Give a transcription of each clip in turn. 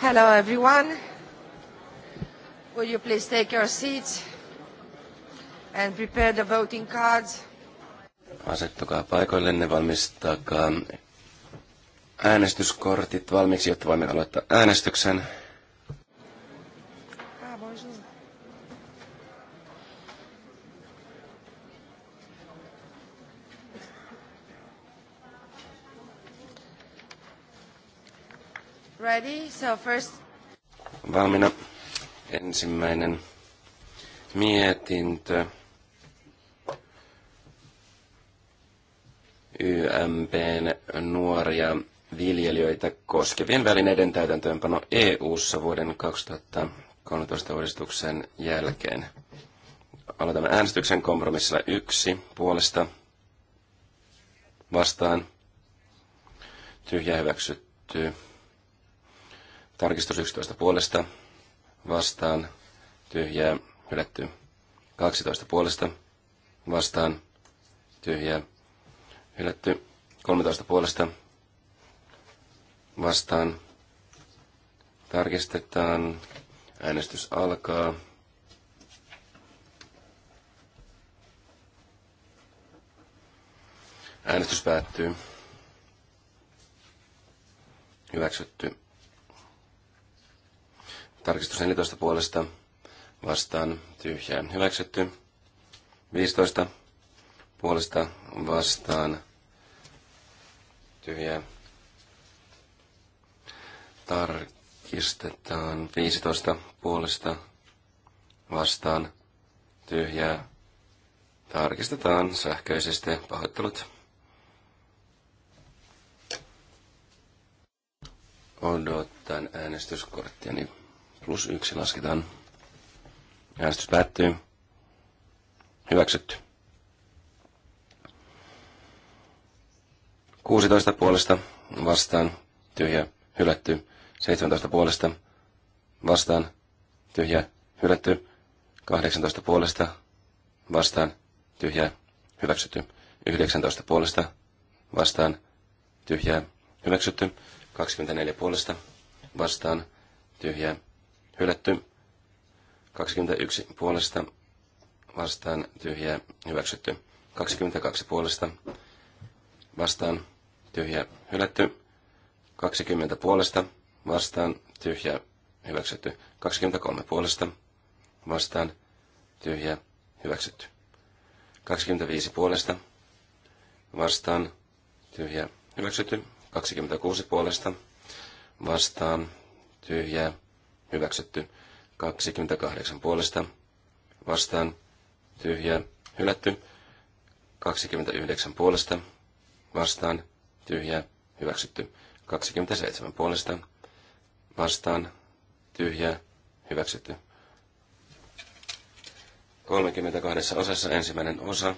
Hello, everyone. Will you please take your seats and prepare the voting cards? Asettukaa paikoillenne, valmistakaa äänestyskortit valmiiksi, jotta voimme aloittaa äänestyksen. So first... Valmiina ensimmäinen mietintö. YMPn nuoria viljelijöitä koskevien välineiden täytäntöönpano EU-ssa vuoden 2013 uudistuksen jälkeen. Aloitamme äänestyksen kompromissilla yksi puolesta vastaan. Tyhjä hyväksytty. Tarkistus 11 puolesta vastaan tyhjää hylätty. 12 puolesta vastaan tyhjää hylätty. 13 puolesta vastaan tarkistetaan. Äänestys alkaa. Äänestys päättyy. Hyväksytty Tarkistus 14 puolesta vastaan tyhjää hyväksytty. 15 puolesta vastaan tyhjää. Tarkistetaan 15 puolesta vastaan tyhjää. Tarkistetaan sähköisesti pahoittelut. Odotan äänestyskorttiani plus yksi lasketaan. Äänestys päättyy. Hyväksytty. 16 puolesta vastaan tyhjä hylätty. 17 puolesta vastaan tyhjä hylätty. 18 puolesta vastaan tyhjä hyväksytty. 19 puolesta vastaan tyhjä hyväksytty. 24 puolesta vastaan tyhjä hylätty. 21 puolesta vastaan tyhjä hyväksytty. 22 puolesta vastaan tyhjä hylätty. 20 puolesta vastaan tyhjä hyväksytty. 23 puolesta vastaan tyhjä hyväksytty. 25 puolesta vastaan tyhjä hyväksytty. 26 puolesta vastaan tyhjä hyväksytty. 28 puolesta vastaan tyhjää hylätty. 29 puolesta vastaan tyhjää hyväksytty. 27 puolesta vastaan tyhjää hyväksytty. 32 osassa ensimmäinen osa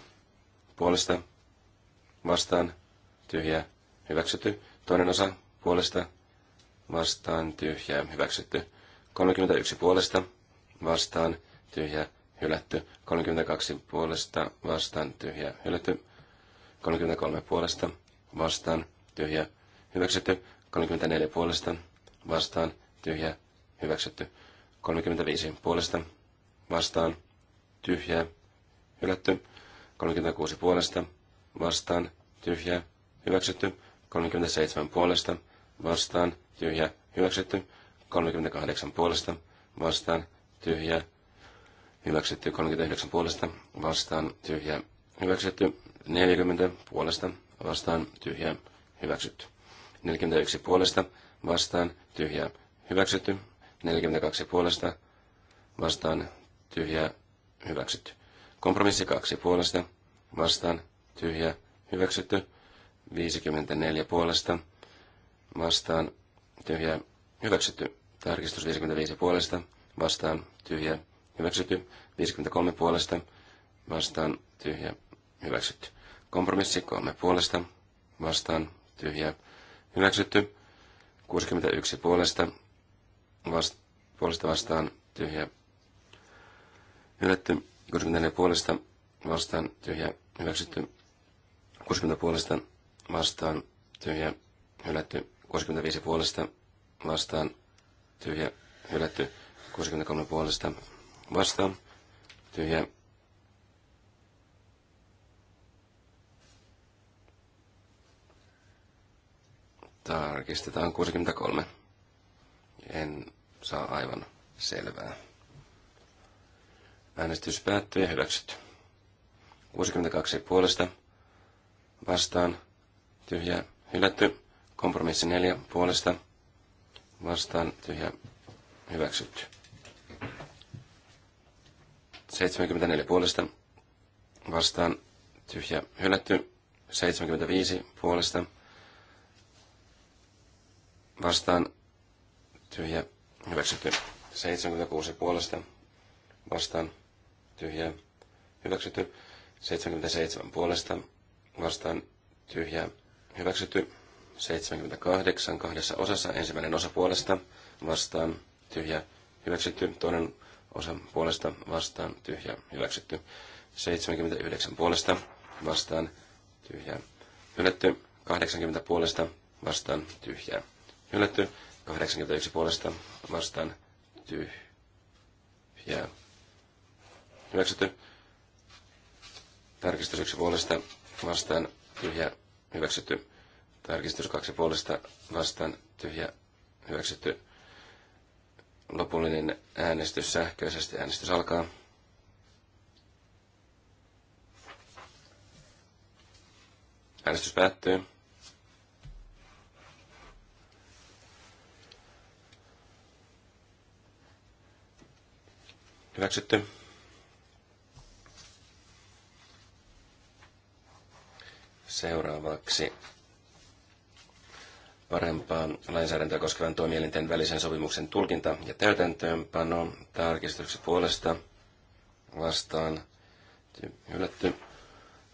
puolesta vastaan tyhjää hyväksytty. Toinen osa puolesta vastaan tyhjää hyväksytty. 31 puolesta vastaan tyhjä hylätty. 32 puolesta vastaan tyhjä hylätty. 33 puolesta vastaan tyhjä hyväksytty. 34 puolesta vastaan tyhjä hyväksytty. 35 puolesta vastaan tyhjä hylätty. 36 puolesta vastaan tyhjä hyväksytty. 37 puolesta vastaan tyhjä hyväksytty. 38 puolesta vastaan tyhjä hyväksytty. 39 puolesta vastaan tyhjä hyväksytty. 40 puolesta vastaan tyhjä hyväksytty. 41 puolesta vastaan tyhjä hyväksytty. 42 puolesta vastaan tyhjä hyväksytty. Kompromissi 2 puolesta vastaan tyhjä hyväksytty. 54 puolesta vastaan tyhjä Hyväksytty. Tarkistus 55 puolesta. Vastaan. Tyhjä. Hyväksytty. 53 puolesta. Vastaan. Tyhjä. Hyväksytty. Kompromissi 3 puolesta. Vastaan. Tyhjä. Hyväksytty. 61 puolesta. Vast, puolesta vastaan. Tyhjä. Hylätty. 64 puolesta. Vastaan. Tyhjä. Hyväksytty. 60 puolesta. Vastaan. Tyhjä. Hylätty. 65 puolesta vastaan tyhjä hylätty 63 puolesta vastaan tyhjä tarkistetaan 63. En saa aivan selvää. Äänestys päättyy ja hyväksytty. 62 puolesta vastaan tyhjä hylätty. Kompromissi 4 puolesta vastaan tyhjä hyväksytty. 74 puolesta vastaan tyhjä hylätty. 75 puolesta vastaan tyhjä hyväksytty. 76 puolesta vastaan tyhjä hyväksytty. 77 puolesta vastaan tyhjä hyväksytty. 78 kahdessa osassa. Ensimmäinen osa puolesta vastaan tyhjä hyväksytty. Toinen osa puolesta vastaan tyhjä hyväksytty. 79 puolesta vastaan tyhjä Hylätty 80 puolesta vastaan tyhjä Hylätty 81 puolesta vastaan tyhjä Hyväksytty. Tarkistus puolesta vastaan tyhjä hyväksytty. Tarkistus kaksi puolesta vastaan tyhjä hyväksytty. Lopullinen äänestys sähköisesti. Äänestys alkaa. Äänestys päättyy. Hyväksytty. Seuraavaksi parempaa lainsäädäntöä koskevan toimielinten välisen sopimuksen tulkinta ja täytäntöönpano tarkistuksen puolesta vastaan hylätty,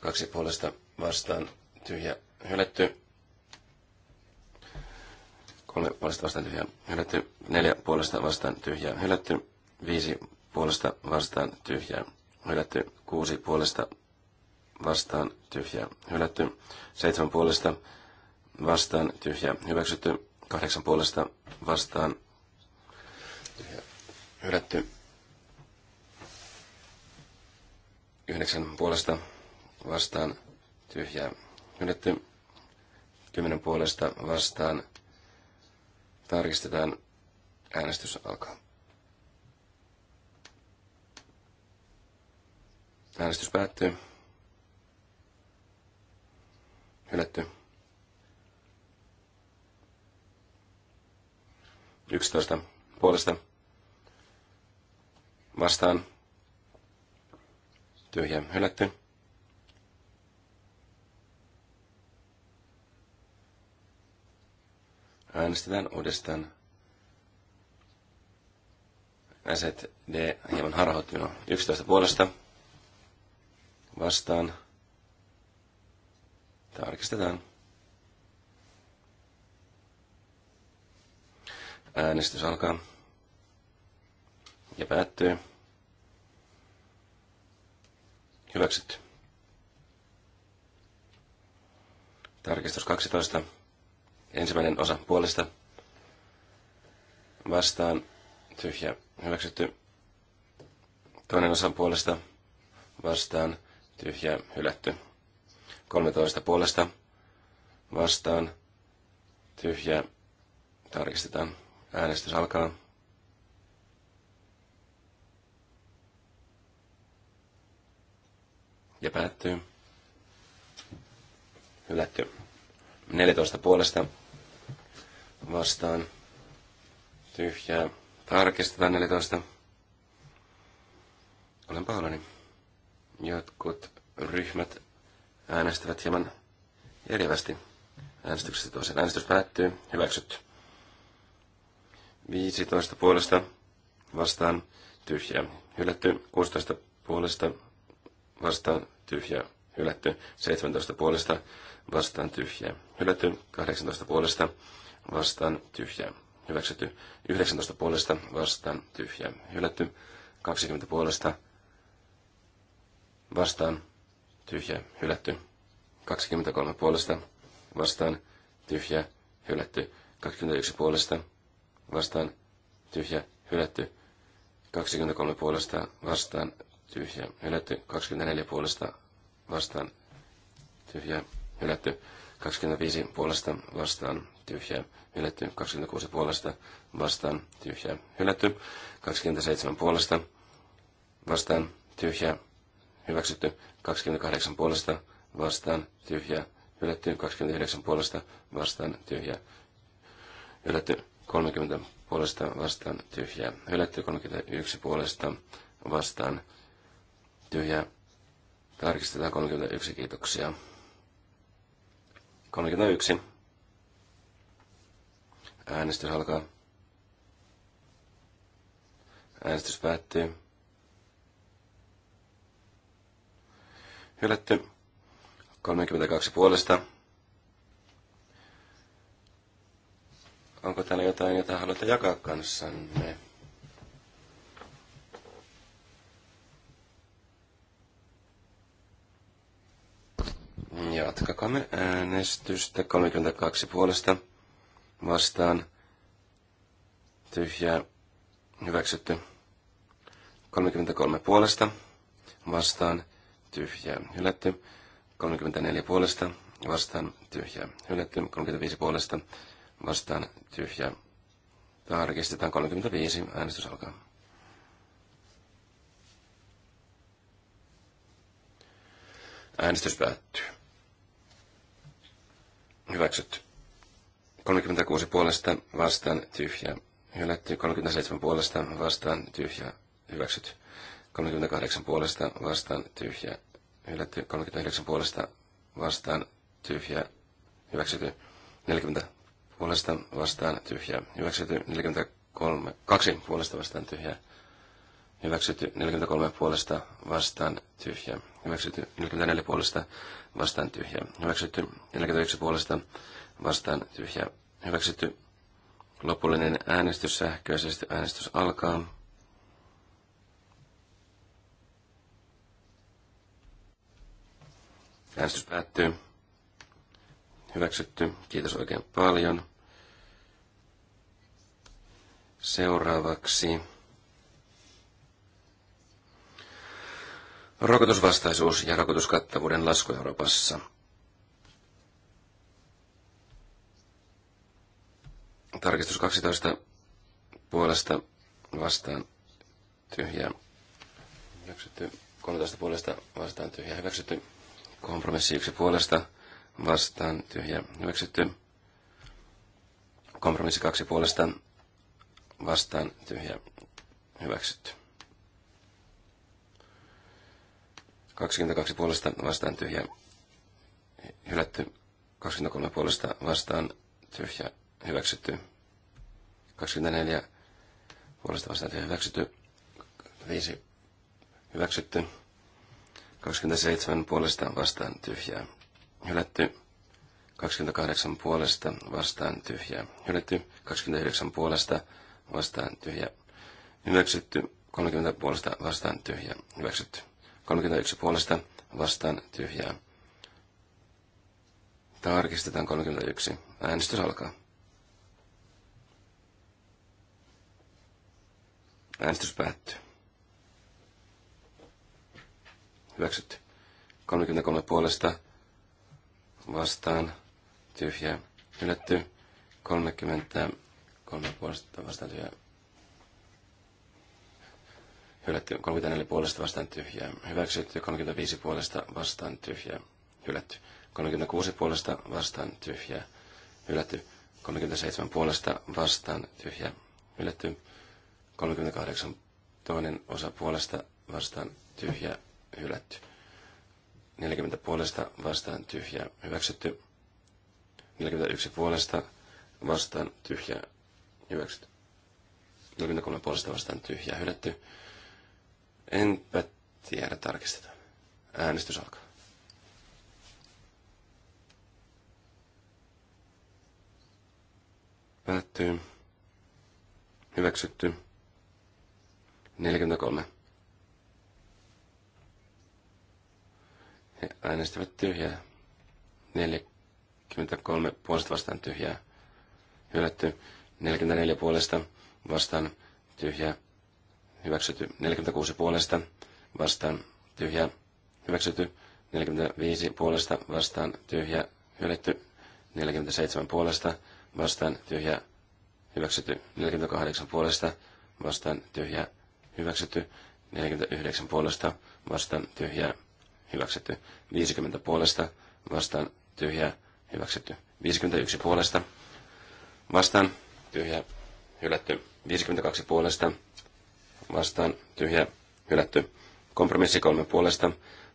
kaksi puolesta vastaan tyhjä hylätty, kolme puolesta vastaan tyhjä hylätty, neljä puolesta vastaan tyhjä hylätty, viisi puolesta vastaan tyhjä hylätty, kuusi puolesta vastaan tyhjä hylätty, seitsemän puolesta vastaan, vastaan tyhjä hyväksytty, kahdeksan puolesta vastaan tyhjä hylätty, yhdeksän puolesta vastaan tyhjä hylätty, kymmenen puolesta vastaan tarkistetaan äänestys alkaa. Äänestys päättyy. Hylätty. 11 puolesta vastaan tyhjä hylätty. Äänestetään uudestaan. Äset D hieman harhoittunut. 11 puolesta vastaan. Tarkistetaan. Äänestys alkaa. Ja päättyy. Hyväksytty. Tarkistus 12. Ensimmäinen osa puolesta. Vastaan. Tyhjä. Hyväksytty. Toinen osa puolesta. Vastaan. Tyhjä. Hylätty. 13 puolesta. Vastaan. Tyhjä. Tarkistetaan. Äänestys alkaa. Ja päättyy. Hylätty. 14 puolesta vastaan. Tyhjää. Tarkistetaan 14. Olen pahoillani. Jotkut ryhmät äänestävät hieman eriävästi äänestyksestä toiseen. Äänestys päättyy. Hyväksytty. 15 puolesta vastaan tyhjä hylätty. 16 puolesta vastaan tyhjä hylätty. 17 puolesta vastaan tyhjä hylätty. 18 puolesta vastaan tyhjä hyväksytty. 19 puolesta vastaan tyhjä hylätty. 20 puolesta vastaan tyhjä hylätty. 23 puolesta vastaan tyhjä hylätty. 21 puolesta vastaan tyhjä hylätty. 23 puolesta vastaan tyhjä hylätty. 24 puolesta vastaan tyhjä hylätty. 25 puolesta vastaan tyhjä hylätty. 26 puolesta vastaan tyhjä hylätty. 27 puolesta vastaan tyhjä hyväksytty. 28 puolesta vastaan tyhjä hylätty. 29 puolesta vastaan tyhjä hylätty. 30 puolesta vastaan tyhjää. Hylätty 31 puolesta vastaan tyhjää. Tarkistetaan 31, kiitoksia. 31. Äänestys alkaa. Äänestys päättyy. Hylätty. 32 puolesta Onko täällä jotain, jota haluatte jakaa kanssanne? Jatkakamme äänestystä 32 puolesta vastaan. Tyhjää hyväksytty. 33 puolesta vastaan. Tyhjää hylätty. 34 puolesta vastaan. Tyhjää hylätty. 35 puolesta vastaan tyhjä. Tarkistetaan 35. Äänestys alkaa. Äänestys päättyy. Hyväksytty. 36 puolesta vastaan tyhjä. Hylätty 37 puolesta vastaan tyhjä. Hyväksytty. 38 puolesta vastaan tyhjä. Hylätty 39 puolesta vastaan tyhjä. Hyväksytty. 40 puolesta vastaan tyhjä Hyväksytty 43, kaksi puolesta vastaan tyhjä Hyväksytty 43 puolesta vastaan tyhjä Hyväksytty 44 puolesta vastaan tyhjä Hyväksytty 41 puolesta vastaan tyhjä Hyväksytty lopullinen äänestys sähköisesti. Äänestys alkaa. Äänestys päättyy. Hyväksytty. Kiitos oikein paljon. Seuraavaksi rokotusvastaisuus ja rokotuskattavuuden lasku Euroopassa. Tarkistus 12 puolesta vastaan tyhjää. Hyväksytty 13 puolesta vastaan tyhjää. Hyväksytty kompromissi 1 puolesta vastaan tyhjä hyväksytty. Kompromissi kaksi puolesta vastaan tyhjä hyväksytty. 22 puolesta vastaan tyhjä hylätty. 23 puolesta vastaan tyhjä hyväksytty. 24 puolesta vastaan tyhjä hyväksytty. 5 hyväksytty. 27 puolesta vastaan tyhjää hylätty 28 puolesta vastaan tyhjä. hylätty 29 puolesta vastaan tyhjä. hyväksytty 30 puolesta vastaan tyhjä. hyväksytty 31 puolesta vastaan tyhjää. Tarkistetaan 31. Äänestys alkaa. Äänestys päättyy. Hyväksytty. 33 puolesta vastaan tyhjä hylätty. 33 puolesta vastaan tyhjä hylätty. 34 puolesta vastaan tyhjää hyväksytty. 35 puolesta vastaan tyhjää hylätty. 36 puolesta vastaan tyhjää hylätty. 37 puolesta vastaan tyhjä hylätty. 38 toinen osa puolesta vastaan tyhjä hylätty. 40 puolesta vastaan tyhjä hyväksytty. 41 puolesta vastaan tyhjä hyväksytty. 43 puolesta vastaan tyhjä hylätty. Enpä tiedä, tarkistetaan. Äänestys alkaa. Päättyy. Hyväksytty. 43 He äänestivät tyhjää. 43 puolesta vastaan tyhjää. Hylätty. 44 puolesta vastaan tyhjää. Hyväksytty. 46 puolesta vastaan tyhjää. Hyväksytty. 45 puolesta vastaan tyhjää. hylätty. 47 puolesta vastaan tyhjää. hyväksytty. 48 puolesta vastaan tyhjää. hyväksytty. 49 puolesta vastaan tyhjää hyväksytty. 50 puolesta vastaan tyhjä, hyväksytty. 51 puolesta vastaan tyhjä, hylätty. 52 puolesta vastaan tyhjä hylätty. Kompromissi 3 puolesta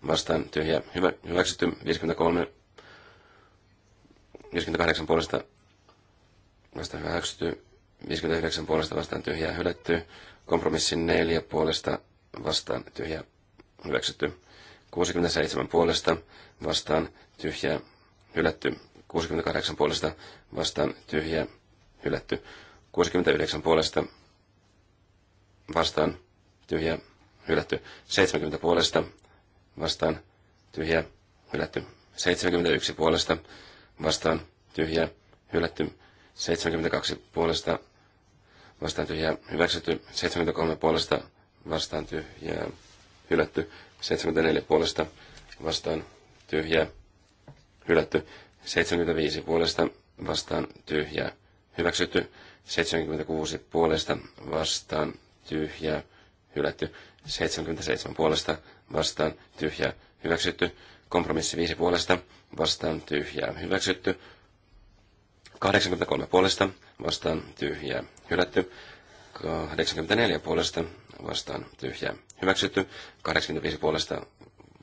vastaan tyhjä hyvä, hyväksytty. 53 58 puolesta vastaan hyväksytty. 59 puolesta vastaan tyhjä hylätty. Kompromissi 4 puolesta vastaan tyhjä hyväksytty. 67 puolesta vastaan tyhjä hylätty. 68 puolesta vastaan tyhjä hylätty. 69 puolesta vastaan tyhjä hylätty. 70 puolesta vastaan tyhjä hylätty. 71 puolesta vastaan tyhjä hylätty. 72 puolesta vastaan tyhjä hyväksytty. 73 puolesta vastaan tyhjä hylätty. 74 puolesta vastaan tyhjää, hylätty. 75 puolesta vastaan tyhjää, hyväksytty. 76 puolesta vastaan tyhjää, hylätty. 77 puolesta vastaan tyhjää, hyväksytty. Kompromissi 5 puolesta vastaan tyhjää, hyväksytty. 83 puolesta vastaan tyhjää, hylätty. 84 puolesta vastaan tyhjää hyväksytty, 85 puolesta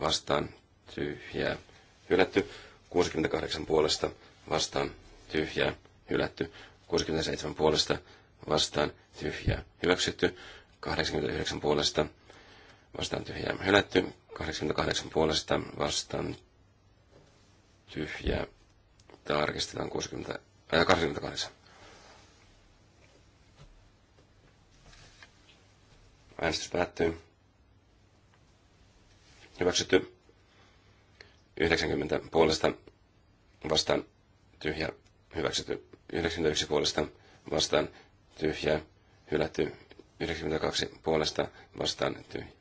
vastaan tyhjää hylätty, 68 puolesta vastaan tyhjää hylätty, 67 puolesta vastaan tyhjää hyväksytty, 89 puolesta vastaan tyhjää hylätty, 88 puolesta vastaan tyhjää tarkistetaan 60, äh, 88. Äänestys päättyy. Hyväksytty. 90 puolesta vastaan tyhjä. Hyväksytty. 91 puolesta vastaan tyhjä. Hylätty. 92 puolesta vastaan tyhjä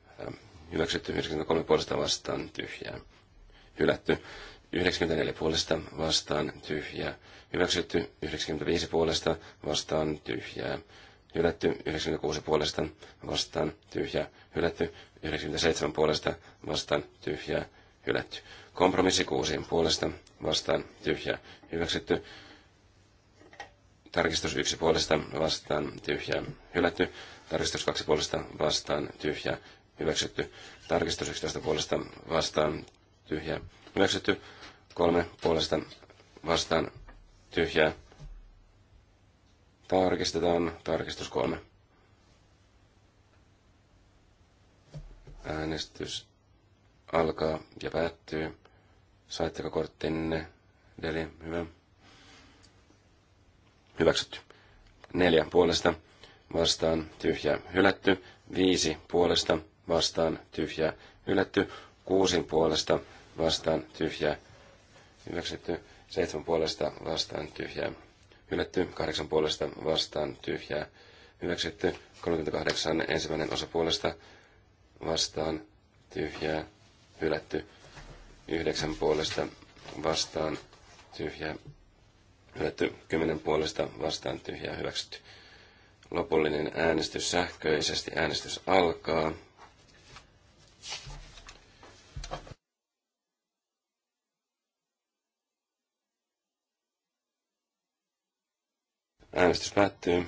Hyväksytty 93 puolesta vastaan tyhjä. Hylätty 94 puolesta vastaan tyhjä Hyväksytty 95 puolesta vastaan tyhjää hylätty, 96 puolesta vastaan tyhjä hylätty, 97 puolesta vastaan tyhjä hylätty. Kompromissi 6 puolesta vastaan tyhjä hyväksytty. Tarkistus 1 puolesta vastaan tyhjä hylätty. Tarkistus 2 puolesta vastaan tyhjä hyväksytty. Tarkistus 11 puolesta vastaan tyhjä hyväksytty. 3 puolesta vastaan tyhjä Tarkistetaan tarkistus kolme. Äänestys alkaa ja päättyy. Saitteko korttinne? Deli, hyvä. Hyväksytty. Neljä puolesta vastaan tyhjä hylätty. Viisi puolesta vastaan tyhjä hylätty. Kuusin puolesta vastaan tyhjä hyväksytty. Seitsemän puolesta vastaan tyhjä hylätty, kahdeksan puolesta vastaan tyhjää hyväksytty, 38 ensimmäinen osa puolesta vastaan tyhjää hylätty, yhdeksän puolesta vastaan tyhjää hylätty, kymmenen puolesta vastaan tyhjää hyväksytty. Lopullinen äänestys sähköisesti, äänestys alkaa. Äänestys päättyy.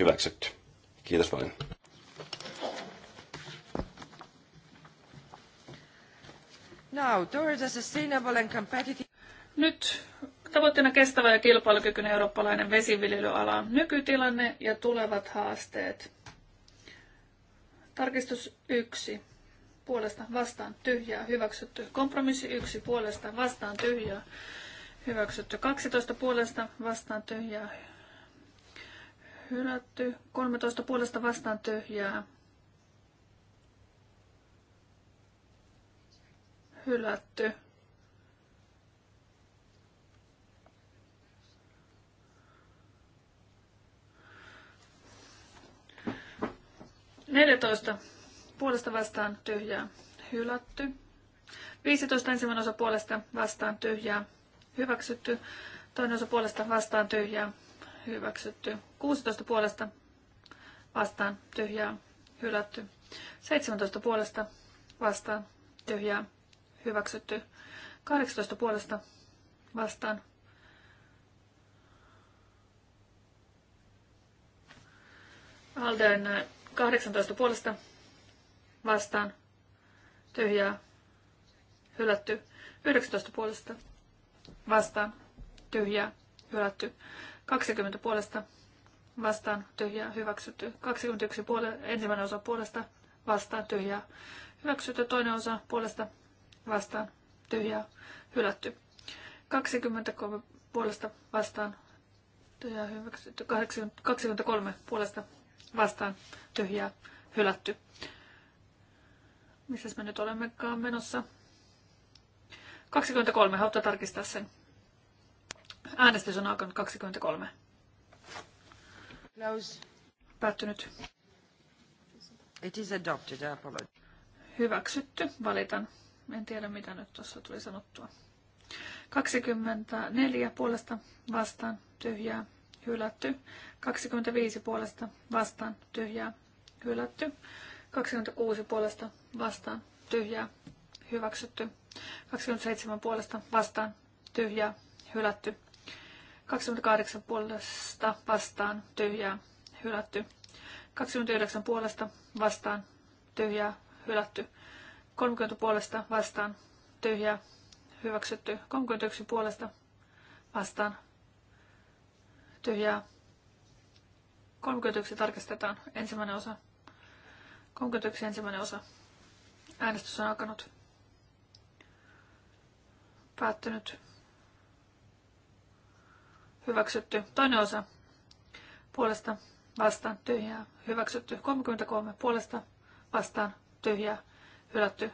Hyväksytty. Kiitos paljon. Now, sustainable and competitive... Nyt tavoitteena kestävä ja kilpailukykyinen eurooppalainen vesiviljelyala, nykytilanne ja tulevat haasteet. Tarkistus 1. Puolesta vastaan tyhjää hyväksytty. Kompromissi 1. Puolesta vastaan tyhjää Hyväksytty 12 puolesta vastaan tyhjää. Hylätty 13 puolesta vastaan tyhjää. Hylätty. Neljätoista puolesta vastaan tyhjää hylätty. Viisitoista ensimmäinen osa puolesta vastaan tyhjää hyväksytty. Toinen osa puolesta vastaan tyhjää, hyväksytty. 16 puolesta vastaan tyhjää, hylätty. 17 puolesta vastaan tyhjää, hyväksytty. 18 puolesta vastaan Alden 18 puolesta vastaan tyhjää, hylätty. 19 puolesta vastaan, tyhjää, hylätty. 20 puolesta vastaan, tyhjää, hyväksytty. 21 puole- ensimmäinen osa puolesta vastaan, tyhjää, hyväksytty. Toinen osa puolesta vastaan, tyhjää, hylätty. 23 puolesta vastaan, tyhjää, hyväksytty. 23 puolesta vastaan, tyhjää, hylätty. Missäs me nyt olemmekaan menossa? 23. haluatko tarkistaa sen. Äänestys on alkanut 23. Close. Päättynyt. It is adopted. Hyväksytty. Valitan. En tiedä, mitä nyt tuossa tuli sanottua. 24 puolesta vastaan tyhjää hylätty. 25 puolesta vastaan tyhjää hylätty. 26 puolesta vastaan tyhjää hyväksytty. 27 puolesta vastaan tyhjää hylätty. 28 puolesta vastaan tyhjää hylätty. 29 puolesta vastaan tyhjää hylätty. 30 puolesta vastaan tyhjää hyväksytty. 31 puolesta vastaan tyhjää. 31 tarkistetaan ensimmäinen osa. 31 ensimmäinen osa. Äänestys on alkanut. Päättynyt. Hyväksytty. Toinen osa. Puolesta. Vastaan. Tyhjää. Hyväksytty. 33. Puolesta. Vastaan. Tyhjää. Hylätty.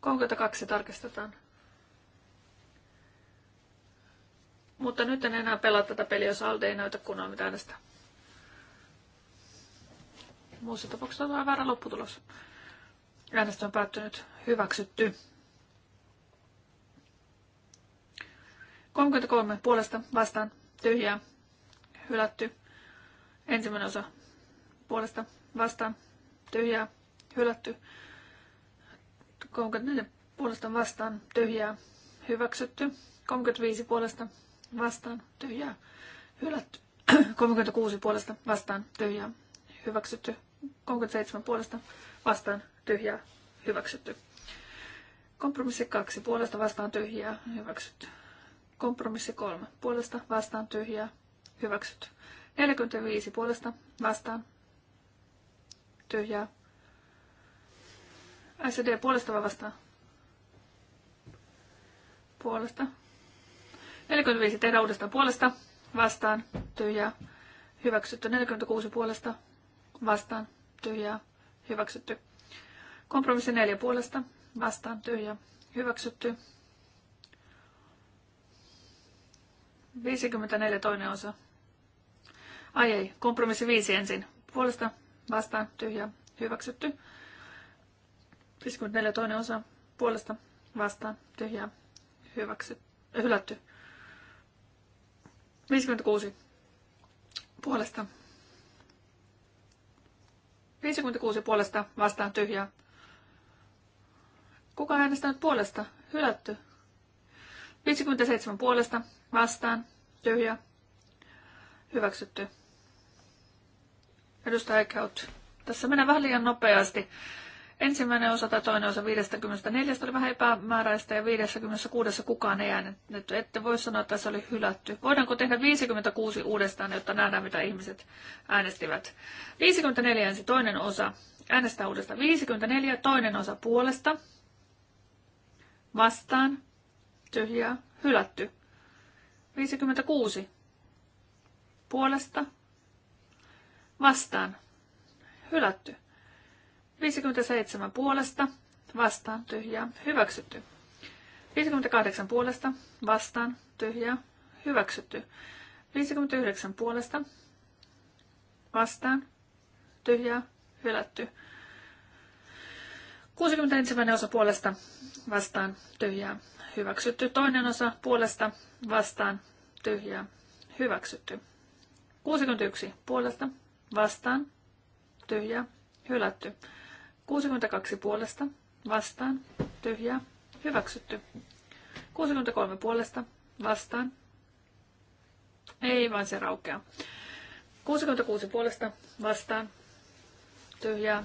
32 tarkistetaan. Mutta nyt en enää pelaa tätä peliä, jos Alde ei näytä kunnolla mitään tästä. Muussa tapauksessa on väärä lopputulos. Äänestö on päättynyt. Hyväksytty. 33 puolesta vastaan. Tyhjää. Hylätty. Ensimmäinen osa puolesta vastaan. Tyhjää. Hylätty. 34 puolesta vastaan. Tyhjää. Hyväksytty. 35 puolesta vastaan. Tyhjää. Hylätty. 36 puolesta vastaan. Tyhjää. Hyväksytty. 37 puolesta vastaan tyhjä hyväksytty. Kompromissi 2, puolesta vastaan tyhjä hyväksytty. Kompromissi 3, puolesta vastaan tyhjä hyväksytty. 45, puolesta vastaan tyhjä SD puolesta vai vastaan? Puolesta. 45 tehdään uudestaan puolesta, vastaan, tyhjä hyväksytty. 46 puolesta, vastaan, tyhjä hyväksytty. Kompromissi neljä puolesta vastaan tyhjä hyväksytty. 54 toinen osa. Ai ei, kompromissi viisi ensin. Puolesta vastaan tyhjä hyväksytty. 54 toinen osa. Puolesta vastaan tyhjä hyväksytty. Hylätty. 56 puolesta. 56 puolesta vastaan tyhjää Kuka on äänestänyt puolesta? Hylätty. 57 puolesta. Vastaan. Tyhjä. Hyväksytty. Edustaja Eichhout. Tässä mennään vähän liian nopeasti. Ensimmäinen osa tai toinen osa 54 oli vähän epämääräistä ja 56 kukaan ei äänetty. Ette voi sanoa, että se oli hylätty. Voidaanko tehdä 56 uudestaan, jotta nähdään, mitä ihmiset äänestivät? 54 ensi toinen osa. Äänestää uudestaan. 54 toinen osa puolesta vastaan, tyhjää, hylätty. 56 puolesta, vastaan, hylätty. 57 puolesta, vastaan, tyhjää, hyväksytty. 58 puolesta, vastaan, tyhjää, hyväksytty. 59 puolesta, vastaan, tyhjää, hylätty. 61. osa puolesta vastaan tyhjää hyväksytty. Toinen osa puolesta vastaan tyhjää hyväksytty. 61. Puolesta vastaan tyhjää hylätty. 62. Puolesta vastaan tyhjää hyväksytty. 63. Puolesta vastaan ei vaan se raukea. 66 puolesta vastaan. Tyhjää.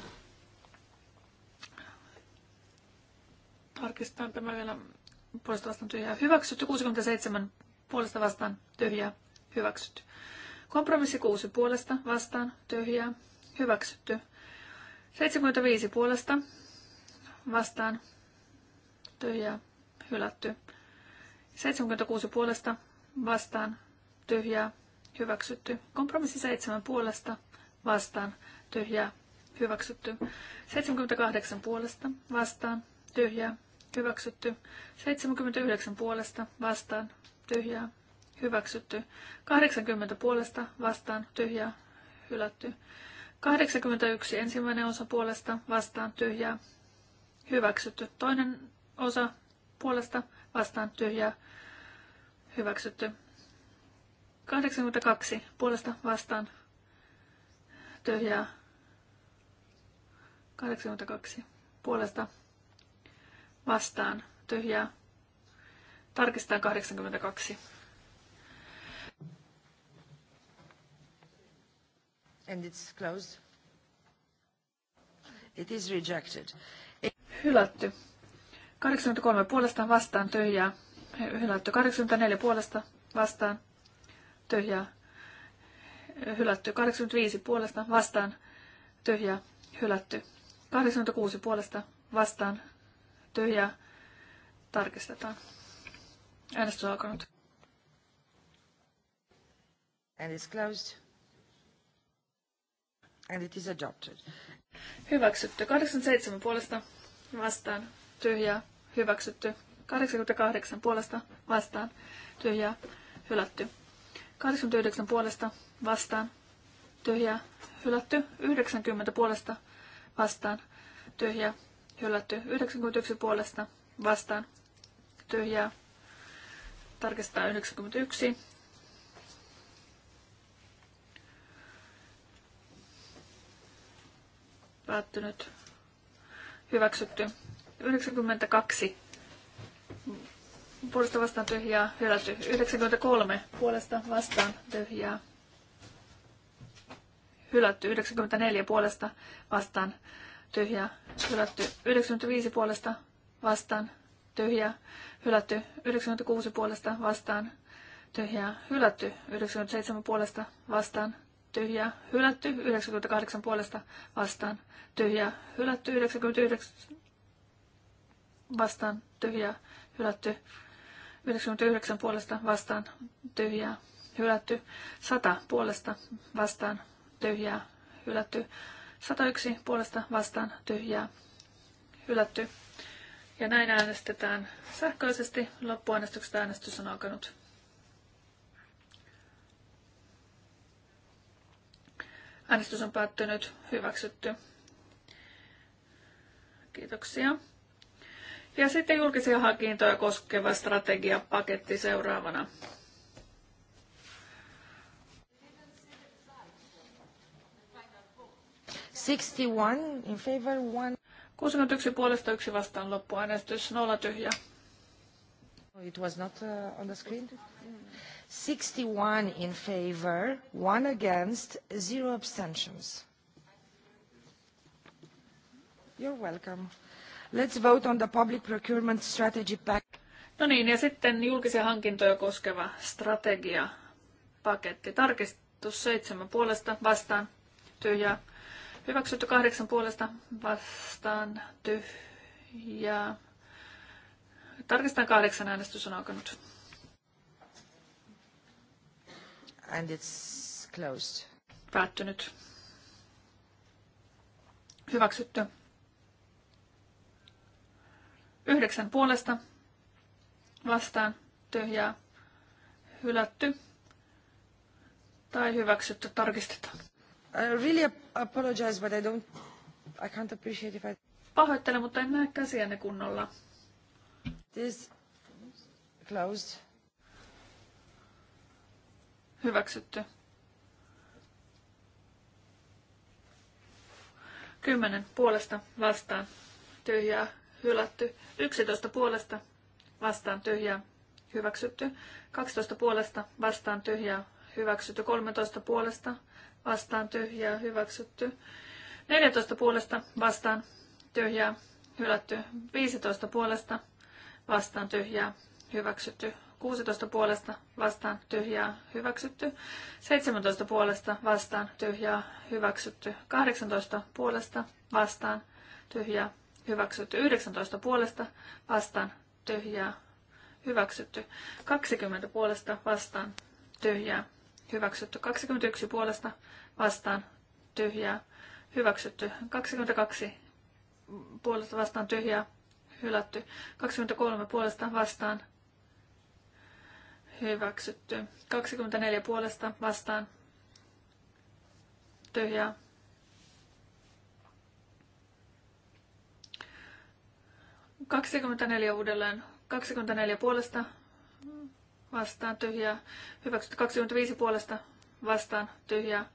Tarkistetaan tämä vielä puolesta vastaan tyhjää hyväksytty. 67 puolesta vastaan tyhjää hyväksytty. Kompromissi 6 puolesta vastaan tyhjää hyväksytty. 75 puolesta vastaan tyhjää hylätty. 76 puolesta vastaan tyhjää hyväksytty. Kompromissi 7 puolesta vastaan tyhjää hyväksytty. 78 puolesta vastaan tyhjää hyväksytty. 79 puolesta vastaan tyhjää, hyväksytty. 80 puolesta vastaan tyhjää, hylätty. 81 ensimmäinen osa puolesta vastaan tyhjää, hyväksytty. Toinen osa puolesta vastaan tyhjää, hyväksytty. 82 puolesta vastaan tyhjää, 82 puolesta vastaan tyhjää. Tarkistetaan 82. And it's closed. It is rejected. It... Hylätty. 83 puolesta vastaan tyhjää. Hylätty. 84 puolesta vastaan tyhjää. Hylätty. 85 puolesta vastaan tyhjää. Hylätty. 86 puolesta vastaan ja tarkistetaan. Äänestys on alkanut. And it's closed. And it is adopted. Hyväksytty. 87 puolesta vastaan. Tyhjää. Hyväksytty. 88 puolesta vastaan. Tyhjää. Hylätty. 89 puolesta vastaan. Tyhjää. Hylätty. 90 puolesta vastaan. Tyhjää hylätty 91 puolesta vastaan tyhjää. Tarkistetaan 91. Päättynyt. Hyväksytty. 92 puolesta vastaan tyhjää, hylätty. 93 puolesta vastaan tyhjää, hylätty. 94 puolesta vastaan tyhjää, hylätty 95 puolesta vastaan, tyhjää, hylätty 96 puolesta vastaan, tyhjää, hylätty 97 puolesta vastaan, tyhjää, hylätty 98 puolesta vastaan, tyhjää, hylätty 99 vastaan, tyhjää, hylätty 99 puolesta vastaan, tyhjää, hylätty 100 puolesta vastaan, tyhjää, hylätty 101 puolesta vastaan tyhjää hylätty. Ja näin äänestetään sähköisesti. Loppuäänestyksestä äänestys on alkanut. Äänestys on päättynyt. Hyväksytty. Kiitoksia. Ja sitten julkisia hankintoja koskeva strategiapaketti seuraavana. 61 in favor, one... 61 puolesta yksi vastaan loppuäänestys, nolla tyhjä. Oh, it was not uh, on the screen. 61 in favor, one against, zero abstentions. You're welcome. Let's vote on the public procurement strategy pack. No niin, ja sitten julkisia hankintoja koskeva strategia paketti. Tarkistus seitsemän puolesta vastaan tyhjää Hyväksytty kahdeksan puolesta vastaan tyhjää. Tarkistetaan kahdeksan äänestys on alkanut. And it's closed. Päättynyt. Hyväksytty. Yhdeksän puolesta vastaan tyhjää. Hylätty. Tai hyväksytty. Tarkistetaan. Pahoittelen, mutta en näe käsiänne kunnolla. This closed. Hyväksytty. Kymmenen puolesta vastaan tyhjää hylätty. Yksitoista puolesta vastaan tyhjää hyväksytty. Kaksitoista puolesta vastaan tyhjää hyväksytty. Kolmetoista puolesta vastaan tyhjää hyväksytty. 14 puolesta vastaan tyhjää hylätty. 15 puolesta vastaan tyhjää hyväksytty. 16 puolesta vastaan tyhjää hyväksytty. 17 puolesta vastaan tyhjää hyväksytty. 18 puolesta vastaan tyhjää hyväksytty. 19 puolesta vastaan tyhjää hyväksytty. 20 puolesta vastaan tyhjää hyväksytty 21 puolesta vastaan tyhjää, hyväksytty 22 puolesta vastaan tyhjää, hylätty 23 puolesta vastaan hyväksytty 24 puolesta vastaan tyhjää. Kaksikymmentäneljä uudelleen. 24 puolesta vastaan tyhjää, hyväksytty 25 puolesta vastaan tyhjää,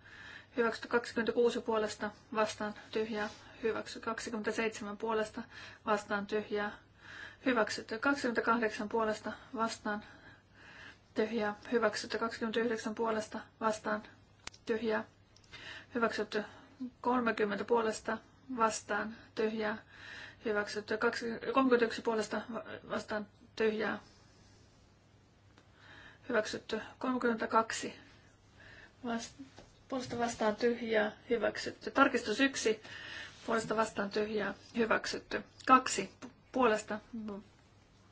hyväksytty 26 puolesta vastaan tyhjää, hyväksytty 27 puolesta vastaan tyhjää, hyväksytty 28 puolesta vastaan tyhjää, hyväksytty 29 puolesta vastaan tyhjää, hyväksytty 30 puolesta vastaan tyhjää, hyväksytty 31 puolesta vastaan tyhjää, hyväksytty 32, Vast, puolesta vastaan tyhjää, hyväksytty. Tarkistus 1, puolesta vastaan tyhjää, hyväksytty. 2, puolesta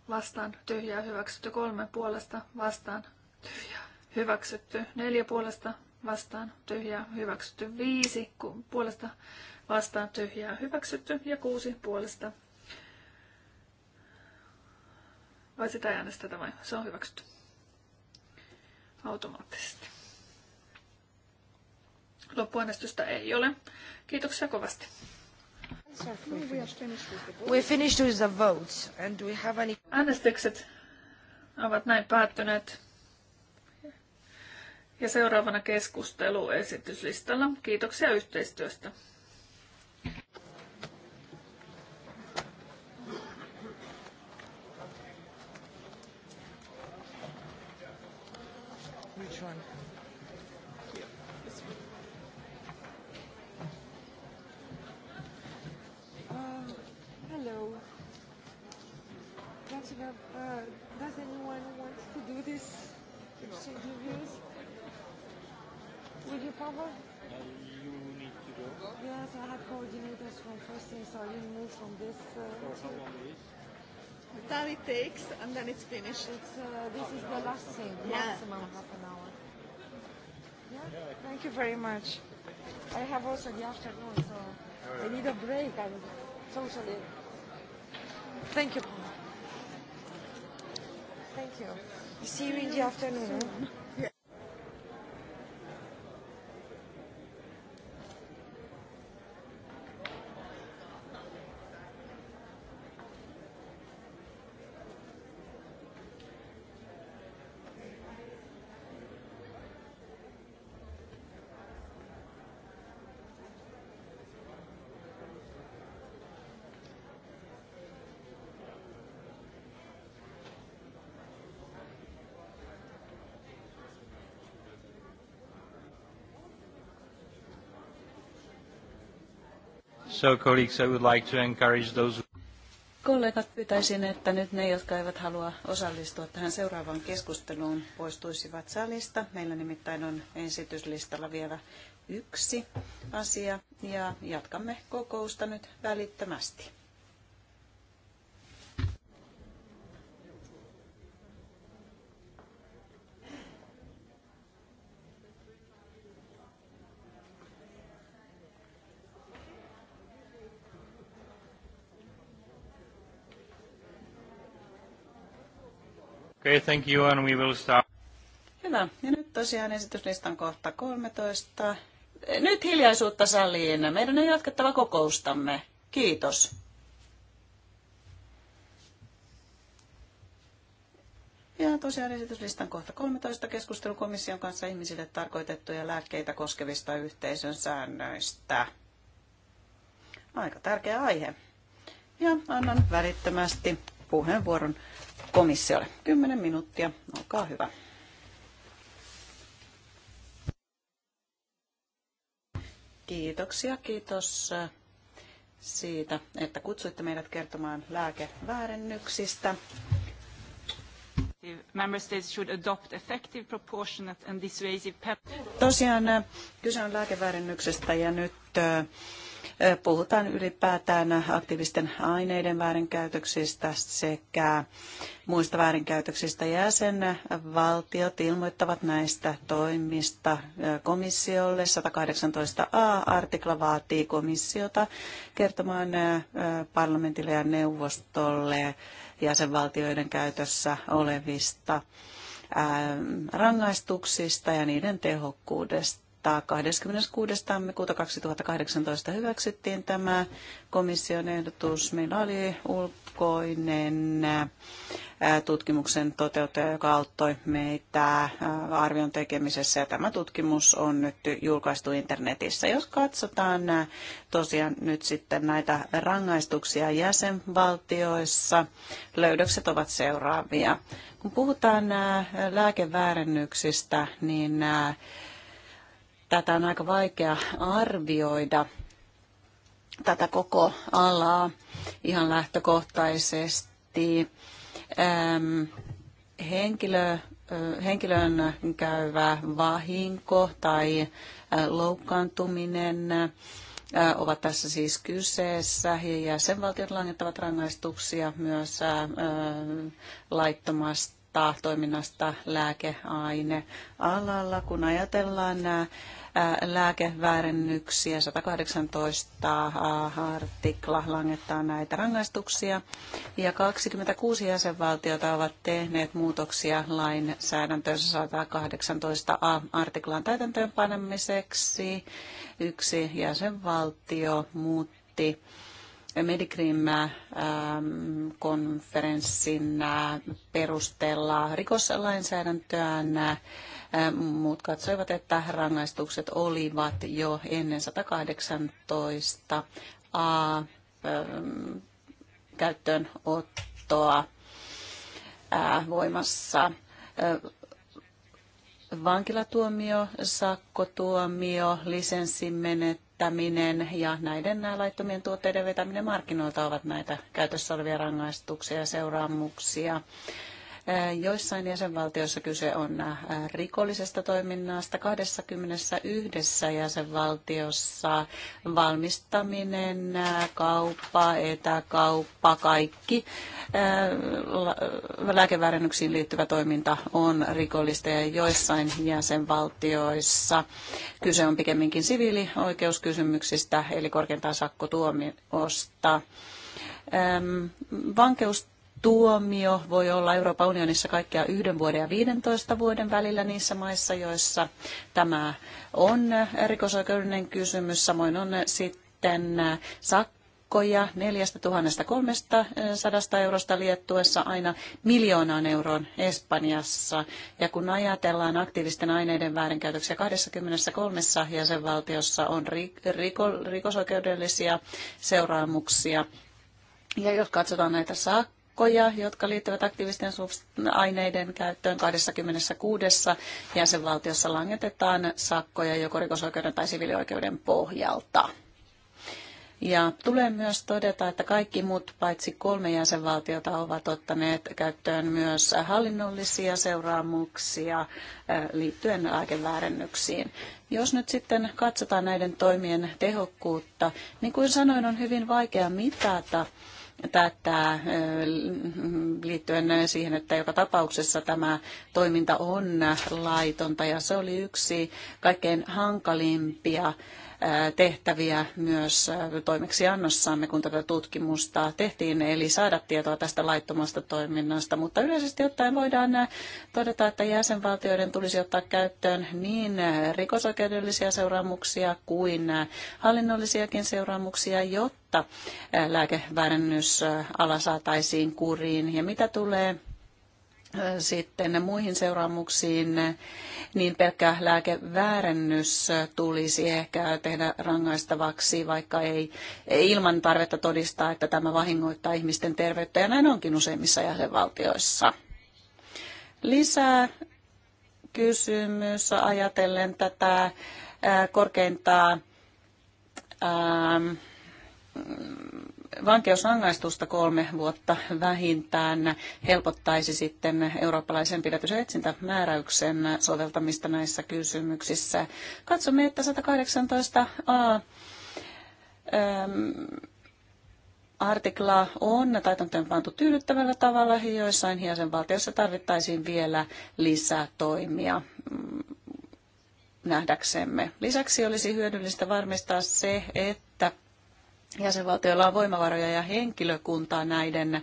vastaan tyhjää, hyväksytty. 3, puolesta vastaan tyhjää, hyväksytty. 4, puolesta vastaan tyhjää, hyväksytty. 5, puolesta vastaan tyhjää, hyväksytty. Ja 6, puolesta vai sitä äänestetä vai? Se on hyväksytty automaattisesti. Loppuäänestystä ei ole. Kiitoksia kovasti. We finished with the votes and we have any... Äänestykset ovat näin päättyneet. Ja seuraavana keskustelu esityslistalla. Kiitoksia yhteistyöstä. you, you use? Will you cover? Uh, you need to go. Yes, I have coordinators from first thing, so you move from this. Uh, For how long is? That it takes, and then it's finished. It's, uh, this half is the last thing, yeah. maximum half an hour. Yeah? Thank you very much. I have also the afternoon, so I need a break. I'm totally. Thank you. Thank you. See you in the afternoon. So, colleagues, I would like to encourage those... Kollegat, pyytäisin, että nyt ne, jotka eivät halua osallistua tähän seuraavaan keskusteluun, poistuisivat salista. Meillä nimittäin on esityslistalla vielä yksi asia ja jatkamme kokousta nyt välittömästi. Okay, thank you, and we will start. Hyvä. Ja nyt tosiaan esityslistan kohta 13. Nyt hiljaisuutta saliin. Meidän on jatkettava kokoustamme. Kiitos. Ja tosiaan esityslistan kohta 13 keskustelukomission kanssa ihmisille tarkoitettuja lääkkeitä koskevista yhteisön säännöistä. Aika tärkeä aihe. Ja annan välittömästi puheenvuoron komissiolle. Kymmenen minuuttia, olkaa hyvä. Kiitoksia, kiitos siitä, että kutsuitte meidät kertomaan lääkeväärennyksistä. Member states should adopt effective, proportionate and dissuasive Tosiaan kyse on lääkeväärennyksestä ja nyt Puhutaan ylipäätään aktiivisten aineiden väärinkäytöksistä sekä muista väärinkäytöksistä. Jäsenvaltiot ilmoittavat näistä toimista komissiolle. 118a artikla vaatii komissiota kertomaan parlamentille ja neuvostolle jäsenvaltioiden käytössä olevista rangaistuksista ja niiden tehokkuudesta mutta 26. tammikuuta 2018 hyväksyttiin tämä komission ehdotus. Meillä oli ulkoinen tutkimuksen toteuttaja, joka auttoi meitä arvion tekemisessä. Ja tämä tutkimus on nyt julkaistu internetissä. Jos katsotaan tosiaan nyt sitten näitä rangaistuksia jäsenvaltioissa, löydökset ovat seuraavia. Kun puhutaan lääkeväärennyksistä niin Tätä on aika vaikea arvioida tätä koko alaa ihan lähtökohtaisesti. Ähm, henkilö, henkilön käyvä vahinko tai loukkaantuminen ovat tässä siis kyseessä ja jäsenvaltiot langettavat rangaistuksia myös laittomasti vastaa toiminnasta lääkeainealalla. Kun ajatellaan nämä lääkeväärennyksiä, 118 artikla langettaa näitä rangaistuksia. Ja 26 jäsenvaltiota ovat tehneet muutoksia lainsäädäntöön 118 a artiklan täytäntöönpanemiseksi. Yksi jäsenvaltio muutti Medicrim-konferenssin ähm, äh, perusteella rikoslainsäädäntöään ähm, Muut katsoivat, että rangaistukset olivat jo ennen 118 a äh, ähm, käyttöönottoa äh, voimassa. Vankilatuomio, sakkotuomio, lisenssimenet vetäminen ja näiden laittomien tuotteiden vetäminen markkinoilta ovat näitä käytössä olevia rangaistuksia ja seuraamuksia. Äh, joissain jäsenvaltioissa kyse on äh, rikollisesta toiminnasta. 21 jäsenvaltiossa valmistaminen, äh, kauppa, etäkauppa, kaikki lääkeväärennyksiin liittyvä toiminta on rikollista ja joissain jäsenvaltioissa kyse on pikemminkin siviilioikeuskysymyksistä eli korkeintaan sakkotuomiosta. Vankeus tuomio voi olla Euroopan unionissa kaikkea yhden vuoden ja 15 vuoden välillä niissä maissa, joissa tämä on rikosoikeudellinen kysymys. Samoin on sitten sakkoja 4300 eh, eurosta liettuessa aina miljoonaan euroon Espanjassa. Ja kun ajatellaan aktiivisten aineiden väärinkäytöksiä 23 jäsenvaltiossa on rikosoikeudellisia seuraamuksia ja jos katsotaan näitä sakkoja, lakkoja, jotka liittyvät aktiivisten aineiden käyttöön 26 jäsenvaltiossa langetetaan sakkoja joko rikosoikeuden tai sivilioikeuden pohjalta. Ja tulee myös todeta, että kaikki muut paitsi kolme jäsenvaltiota ovat ottaneet käyttöön myös hallinnollisia seuraamuksia liittyen lääkeväärennyksiin. Jos nyt sitten katsotaan näiden toimien tehokkuutta, niin kuin sanoin, on hyvin vaikea mitata tätä liittyen siihen, että joka tapauksessa tämä toiminta on laitonta ja se oli yksi kaikkein hankalimpia tehtäviä myös toimeksiannossamme, kun tätä tutkimusta tehtiin, eli saada tietoa tästä laittomasta toiminnasta. Mutta yleisesti ottaen voidaan todeta, että jäsenvaltioiden tulisi ottaa käyttöön niin rikosoikeudellisia seuraamuksia kuin hallinnollisiakin seuraamuksia, jotta lääkeväärennysala saataisiin kuriin. Ja mitä tulee sitten muihin seuraamuksiin, niin pelkkä lääkeväärennys tulisi ehkä tehdä rangaistavaksi, vaikka ei, ei ilman tarvetta todistaa, että tämä vahingoittaa ihmisten terveyttä, ja näin onkin useimmissa jäsenvaltioissa. Lisää kysymys ajatellen tätä korkeintaa ähm, vankeusrangaistusta kolme vuotta vähintään helpottaisi sitten eurooppalaisen pidätys- ja etsintämääräyksen soveltamista näissä kysymyksissä. Katsomme, että 118a ähm, artiklaa on taitonteen pantu tyydyttävällä tavalla joissain jäsenvaltioissa tarvittaisiin vielä lisää toimia mm, nähdäksemme. Lisäksi olisi hyödyllistä varmistaa se, että jäsenvaltioilla on voimavaroja ja henkilökuntaa näiden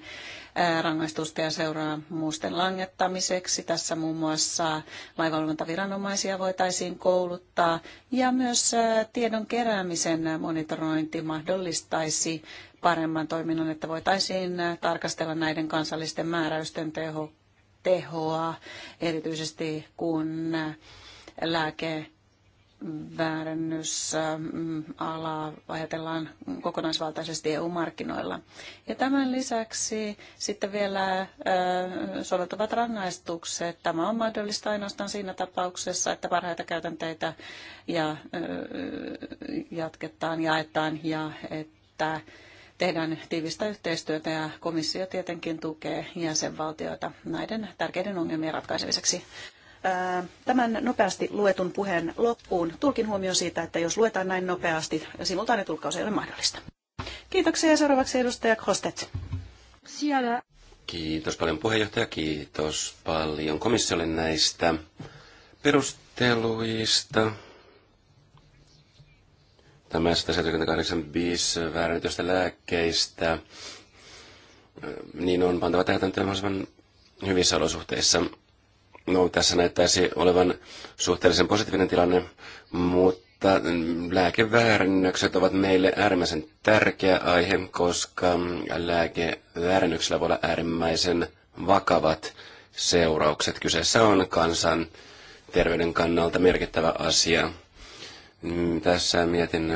rangaistusten ja seuraamusten langettamiseksi. Tässä muun muassa lainvalvontaviranomaisia voitaisiin kouluttaa ja myös tiedon keräämisen monitorointi mahdollistaisi paremman toiminnan, että voitaisiin tarkastella näiden kansallisten määräysten tehoa, erityisesti kun lääke väärennysalaa mm, ajatellaan kokonaisvaltaisesti EU-markkinoilla. Ja tämän lisäksi sitten vielä soveltuvat rangaistukset. Tämä on mahdollista ainoastaan siinä tapauksessa, että parhaita käytänteitä ja jatketaan, jaetaan ja että tehdään tiivistä yhteistyötä ja komissio tietenkin tukee jäsenvaltioita näiden tärkeiden ongelmien ratkaisemiseksi tämän nopeasti luetun puheen loppuun. Tulkin huomioon siitä, että jos luetaan näin nopeasti, simultaaninen tulkkaus ei ole mahdollista. Kiitoksia ja seuraavaksi edustaja Kostet. Siellä. Kiitos paljon puheenjohtaja, kiitos paljon komissiolle näistä perusteluista. Tämä 178 bis väärennetystä lääkkeistä, niin on pantava täytäntöön mahdollisimman hyvissä olosuhteissa. No, tässä näyttäisi olevan suhteellisen positiivinen tilanne, mutta lääkeväärännökset ovat meille äärimmäisen tärkeä aihe, koska lääkeväärennöksellä voi olla äärimmäisen vakavat seuraukset. Kyseessä on kansan terveyden kannalta merkittävä asia. Mm, tässä mietin,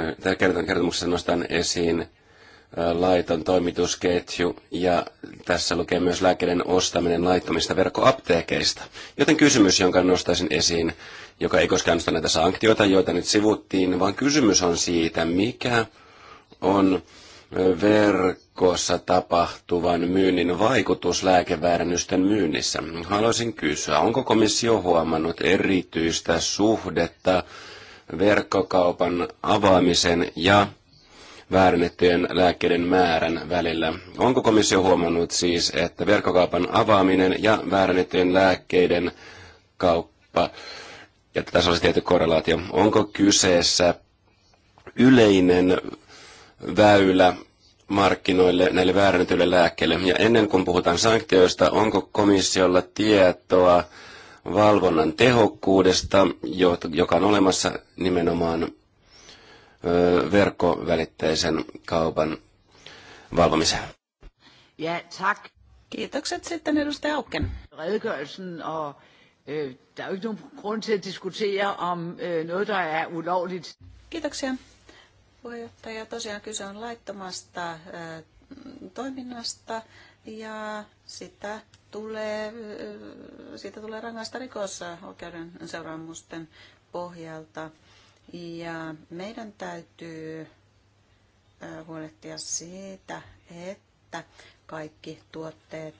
kertomuksessa nostan esiin laiton toimitusketju ja tässä lukee myös lääkkeiden ostaminen laittomista verkkoapteekeista. Joten kysymys, jonka nostaisin esiin, joka ei koskaan nosta näitä sanktioita, joita nyt sivuttiin, vaan kysymys on siitä, mikä on verkossa tapahtuvan myynnin vaikutus lääkeväärännysten myynnissä. Haluaisin kysyä, onko komissio huomannut erityistä suhdetta verkkokaupan avaamisen ja väärennettyjen lääkkeiden määrän välillä. Onko komissio huomannut siis, että verkkokaupan avaaminen ja väärennettyjen lääkkeiden kauppa, ja tässä olisi tietty korrelaatio, onko kyseessä yleinen väylä markkinoille näille väärennetyille lääkkeille. Ja ennen kuin puhutaan sanktioista, onko komissiolla tietoa valvonnan tehokkuudesta, joka on olemassa nimenomaan verkkovälitteisen kaupan valvomiseen. Ja, tak. Kiitokset sitten edustaja Auken. Redegörelsen og øh, der er jo ikke nogen grund til at diskutere om øh, noget, der er ulovligt. Kiitoksia. Puheenjohtaja, tosiaan kyse on laittomasta äh, toiminnasta ja sitä tulee, siitä tulee rangaista rikossa oikeuden seuraamusten pohjalta. Ja meidän täytyy huolehtia siitä, että kaikki tuotteet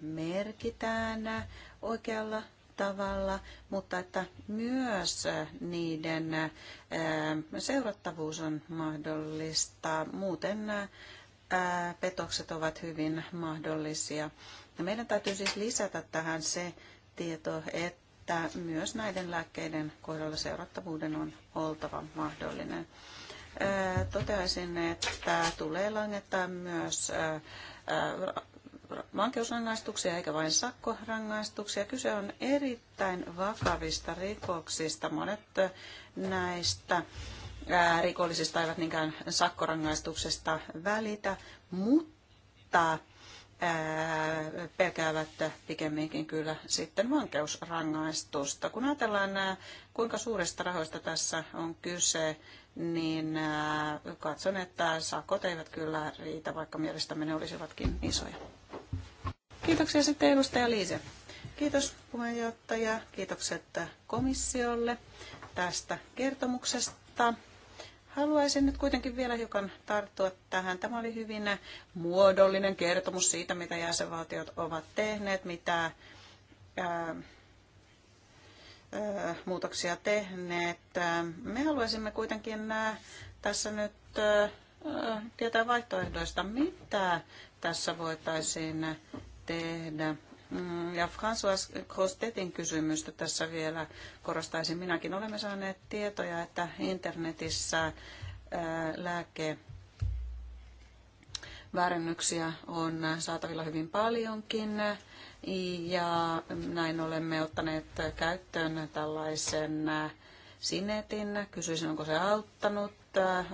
merkitään oikealla tavalla, mutta että myös niiden seurattavuus on mahdollista. Muuten petokset ovat hyvin mahdollisia. Ja meidän täytyy siis lisätä tähän se tieto, että että myös näiden lääkkeiden kohdalla seurattavuuden on oltava mahdollinen. Toteaisin, että tulee langettaa myös vankeusrangaistuksia eikä vain sakkorangaistuksia. Kyse on erittäin vakavista rikoksista. Monet näistä rikollisista eivät niinkään sakkorangaistuksesta välitä, mutta pelkäävät pikemminkin kyllä sitten vankeusrangaistusta. Kun ajatellaan, kuinka suuresta rahoista tässä on kyse, niin katson, että sakot eivät kyllä riitä, vaikka mielestämme ne olisivatkin isoja. Kiitoksia sitten edustaja Liise. Kiitos puheenjohtaja, kiitokset komissiolle tästä kertomuksesta. Haluaisin nyt kuitenkin vielä hiukan tarttua tähän. Tämä oli hyvin muodollinen kertomus siitä, mitä jäsenvaltiot ovat tehneet, mitä ää, ää, muutoksia tehneet. Me haluaisimme kuitenkin nää, tässä nyt ää, tietää vaihtoehdoista, mitä tässä voitaisiin tehdä. Mm, ja François Kostetin kysymystä tässä vielä korostaisin minäkin. Olemme saaneet tietoja, että internetissä äh, lääkeväärennyksiä on saatavilla hyvin paljonkin ja näin olemme ottaneet käyttöön tällaisen äh, sinetin. Kysyisin, onko se auttanut, äh,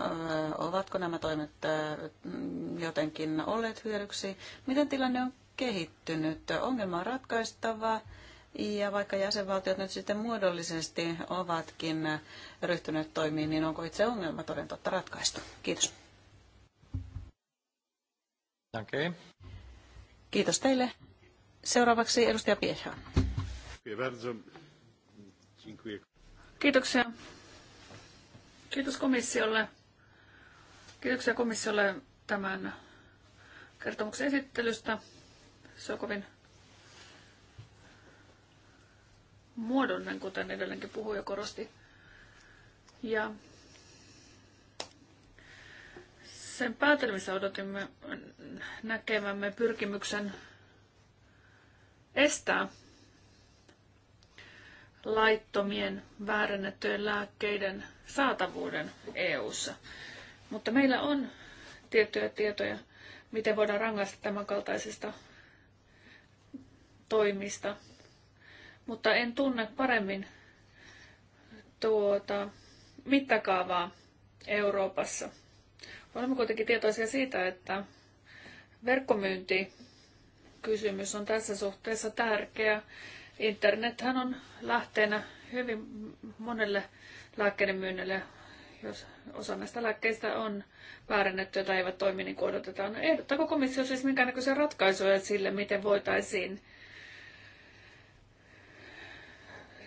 ovatko nämä toimet jotenkin olleet hyödyksi. Miten tilanne on kehittynyt. Ongelma on ratkaistava. Ja vaikka jäsenvaltiot nyt sitten muodollisesti ovatkin ryhtyneet toimiin, niin onko itse ongelma toden totta ratkaistu? Kiitos. Okay. Kiitos teille. Seuraavaksi edustaja Pieha. Kiitoksia. Kiitos komissiolle. Kiitoksia komissiolle tämän kertomuksen esittelystä. Se on kovin muodollinen, kuten edelleenkin puhuja korosti. Ja sen päätelmissä odotimme näkemämme pyrkimyksen estää laittomien väärennettyjen lääkkeiden saatavuuden EU-ssa. Mutta meillä on tiettyjä tietoja, miten voidaan rangaista tämänkaltaisista toimista, mutta en tunne paremmin tuota mittakaavaa Euroopassa. Olemme kuitenkin tietoisia siitä, että verkkomyynti kysymys on tässä suhteessa tärkeä. Internethän on lähteenä hyvin monelle lääkkeiden myynnille, jos osa näistä lääkkeistä on väärennetty tai eivät toimi niin kuin odotetaan. Ehdottaako komissio siis minkäännäköisiä ratkaisuja sille, miten voitaisiin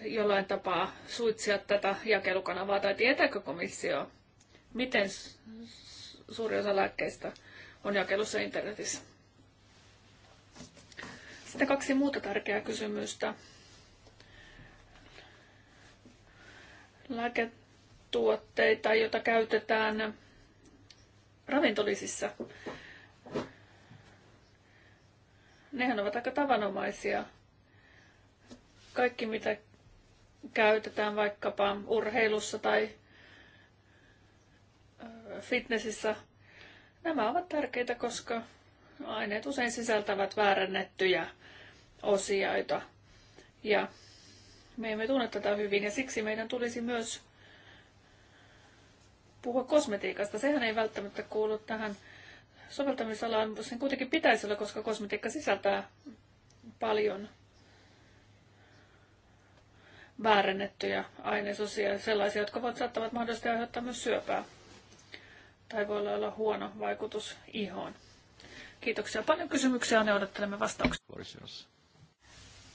jollain tapaa suitsia tätä jakelukanavaa tai tietääkö komissio, miten suuri osa lääkkeistä on jakelussa internetissä? Sitten kaksi muuta tärkeää kysymystä. Lääketuotteita, joita käytetään ravintolisissa. Nehän ovat aika tavanomaisia. Kaikki, mitä käytetään vaikkapa urheilussa tai fitnessissä. Nämä ovat tärkeitä, koska aineet usein sisältävät väärännettyjä osioita. Ja me emme tunne tätä hyvin ja siksi meidän tulisi myös puhua kosmetiikasta. Sehän ei välttämättä kuulu tähän soveltamisalaan, sen kuitenkin pitäisi olla, koska kosmetiikka sisältää paljon väärennettyjä ainesosia, sellaisia, jotka voivat saattavat mahdollisesti aiheuttaa myös syöpää tai voi olla huono vaikutus ihoon. Kiitoksia. Paljon kysymyksiä on odottelemme vastauksia.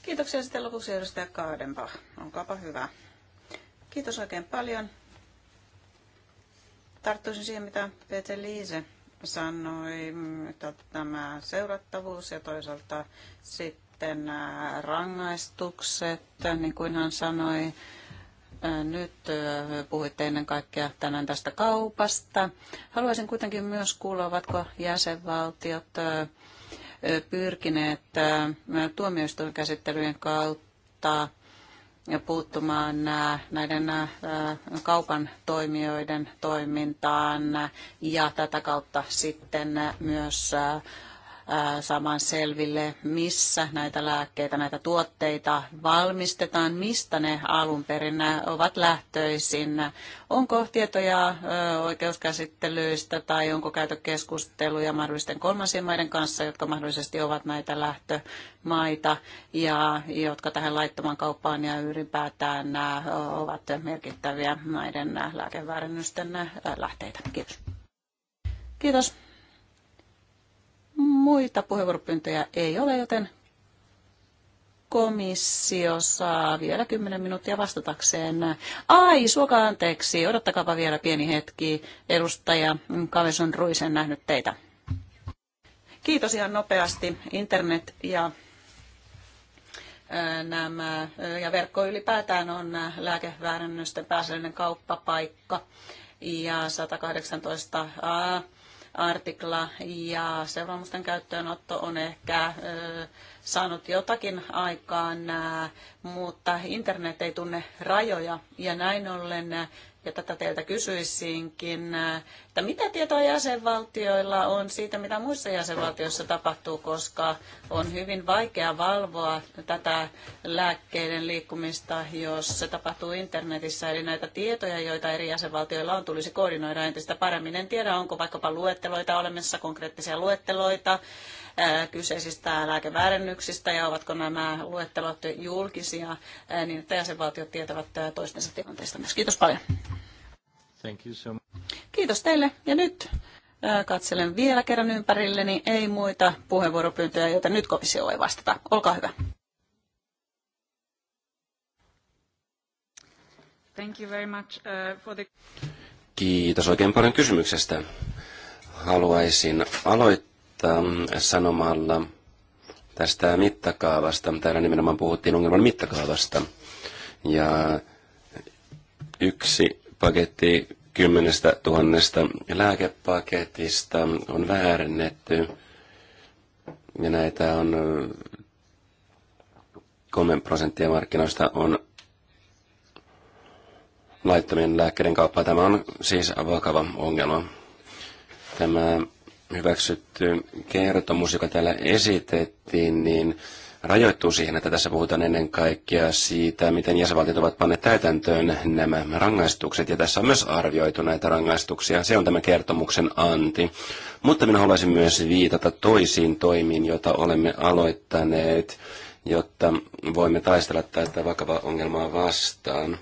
Kiitoksia sitten lopuksi edustaja Kaadenpa. Onkaapa hyvä. Kiitos oikein paljon. Tarttuisin siihen, mitä Peter Liise sanoi, että tämä seurattavuus ja toisaalta sitten sitten rangaistukset, niin kuin hän sanoi, nyt puhuitte ennen kaikkea tänään tästä kaupasta. Haluaisin kuitenkin myös kuulla, ovatko jäsenvaltiot pyrkineet tuomioistuinkäsittelyjen kautta ja puuttumaan näiden kaupan toimijoiden toimintaan ja tätä kautta sitten myös saamaan selville, missä näitä lääkkeitä, näitä tuotteita valmistetaan, mistä ne alun perin ovat lähtöisin. Onko tietoja oikeuskäsittelyistä tai onko käyty keskusteluja mahdollisten kolmansien maiden kanssa, jotka mahdollisesti ovat näitä lähtömaita ja jotka tähän laittoman kauppaan ja ylipäätään ovat merkittäviä näiden lääkeväärännysten lähteitä. Kiitos. Kiitos. Muita puheenvuoropyyntöjä ei ole, joten komissio saa vielä 10 minuuttia vastatakseen. Ai, suoka anteeksi, odottakaapa vielä pieni hetki. Edustaja Kaveson Ruisen nähnyt teitä. Kiitos ihan nopeasti. Internet ja nämä, ja verkko ylipäätään on lääkeväärännösten pääsellinen kauppapaikka. Ja 118a artikla ja seuraamusten käyttöönotto on ehkä saanut jotakin aikaan, mutta internet ei tunne rajoja ja näin ollen ja tätä teiltä kysyisinkin, että mitä tietoa jäsenvaltioilla on siitä, mitä muissa jäsenvaltioissa tapahtuu, koska on hyvin vaikea valvoa tätä lääkkeiden liikkumista, jos se tapahtuu internetissä. Eli näitä tietoja, joita eri jäsenvaltioilla on, tulisi koordinoida entistä paremmin. En tiedä, onko vaikkapa luetteloita olemassa, konkreettisia luetteloita, kyseisistä lääkeväärennyksistä ja ovatko nämä luettelot julkisia, niin että jäsenvaltiot tietävät toistensa tilanteista myös. Kiitos paljon. Thank you so much. Kiitos teille ja nyt katselen vielä kerran ympärilleni, ei muita puheenvuoropyyntöjä, joita nyt komissio ei vastata. Olkaa hyvä. Thank you very much, uh, for the... Kiitos oikein paljon kysymyksestä. Haluaisin aloittaa tuota, mm, sanomalla tästä mittakaavasta. Täällä nimenomaan puhuttiin ongelman mittakaavasta. Ja yksi paketti kymmenestä tuhannesta lääkepaketista on väärennetty. Ja näitä on 3 prosenttia markkinoista on laittomien lääkkeiden kauppaa. Tämä on siis vakava ongelma. Tämä hyväksytty kertomus, joka täällä esitettiin, niin rajoittuu siihen, että tässä puhutaan ennen kaikkea siitä, miten jäsenvaltiot ovat panneet täytäntöön nämä rangaistukset, ja tässä on myös arvioitu näitä rangaistuksia. Se on tämä kertomuksen anti. Mutta minä haluaisin myös viitata toisiin toimiin, joita olemme aloittaneet, jotta voimme taistella tätä vakavaa ongelmaa vastaan.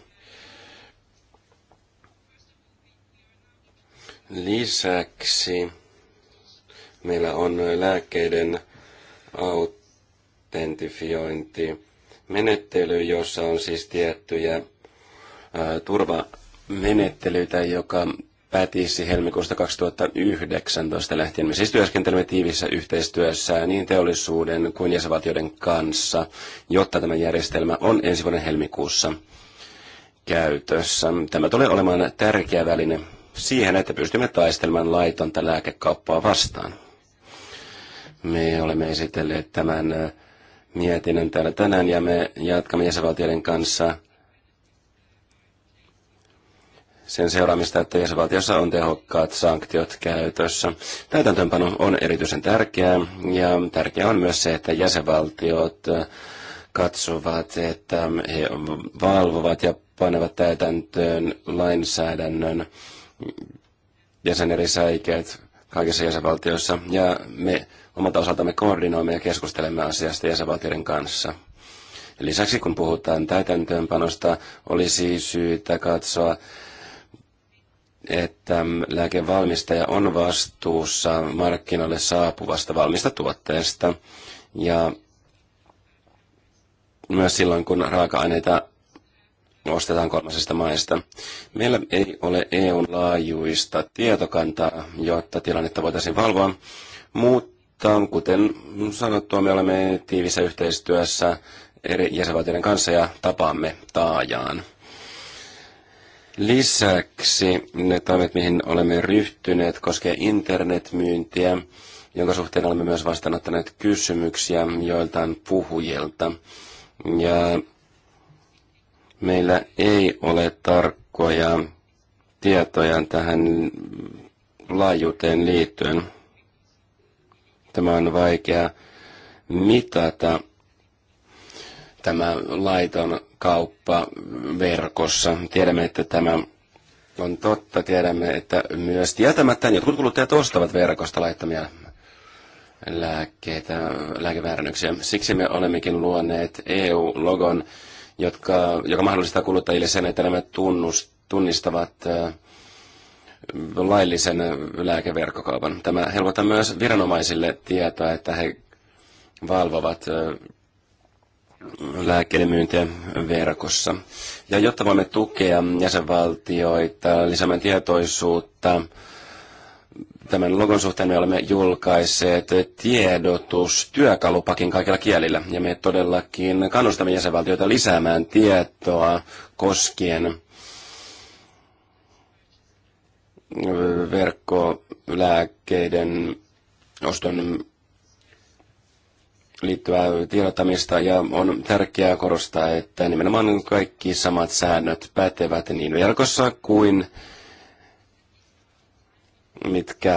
Lisäksi Meillä on lääkkeiden autentifiointi menettely, jossa on siis tiettyjä turvamenettelyitä, joka pätisi helmikuusta 2019 lähtien. Me siis työskentelemme tiivissä yhteistyössä niin teollisuuden kuin jäsenvaltioiden kanssa, jotta tämä järjestelmä on ensi vuoden helmikuussa käytössä. Tämä tulee olemaan tärkeä väline siihen, että pystymme taistelemaan laitonta lääkekauppaa vastaan. Me olemme esitelleet tämän äh, mietinnön täällä tänään ja me jatkamme jäsenvaltioiden kanssa sen seuraamista, että jäsenvaltiossa on tehokkaat sanktiot käytössä. Täytäntöönpano on erityisen tärkeää ja tärkeää on myös se, että jäsenvaltiot äh, katsovat, että he valvovat ja panevat täytäntöön lainsäädännön ja sen kaikissa jäsenvaltioissa, ja me omalta osaltamme koordinoimme ja keskustelemme asiasta jäsenvaltioiden kanssa. Lisäksi kun puhutaan täytäntöönpanosta, olisi syytä katsoa, että lääkevalmistaja on vastuussa markkinoille saapuvasta valmista tuotteesta. Ja myös silloin, kun raaka-aineita ostetaan kolmasesta maista. Meillä ei ole EUn laajuista tietokantaa, jotta tilannetta voitaisiin valvoa, mutta kuten sanottua, me olemme tiivissä yhteistyössä eri jäsenvaltioiden kanssa ja tapaamme taajaan. Lisäksi ne toimet, mihin olemme ryhtyneet, koskee internetmyyntiä, jonka suhteen olemme myös vastaanottaneet kysymyksiä joiltain puhujilta. Ja Meillä ei ole tarkkoja tietoja tähän laajuuteen liittyen. Tämä on vaikea mitata tämä laiton kauppa verkossa. Tiedämme, että tämä on totta. Tiedämme, että myös tietämättä jotkut kuluttajat ostavat verkosta laittamia lääkkeitä, lääkeväärännöksiä. Siksi me olemmekin luoneet EU-logon jotka, joka mahdollistaa kuluttajille sen, että nämä tunnust, tunnistavat laillisen lääkeverkkokaupan. Tämä helpottaa myös viranomaisille tietoa, että he valvovat lääkkeiden myyntiä verkossa. Ja jotta voimme tukea jäsenvaltioita lisäämään tietoisuutta tämän logon suhteen me olemme julkaisseet tiedotustyökalupakin kaikilla kielillä. Ja me todellakin kannustamme jäsenvaltioita lisäämään tietoa koskien äh, verkkolääkkeiden oston liittyvää tiedottamista ja on tärkeää korostaa, että nimenomaan kaikki samat säännöt pätevät niin verkossa kuin mitkä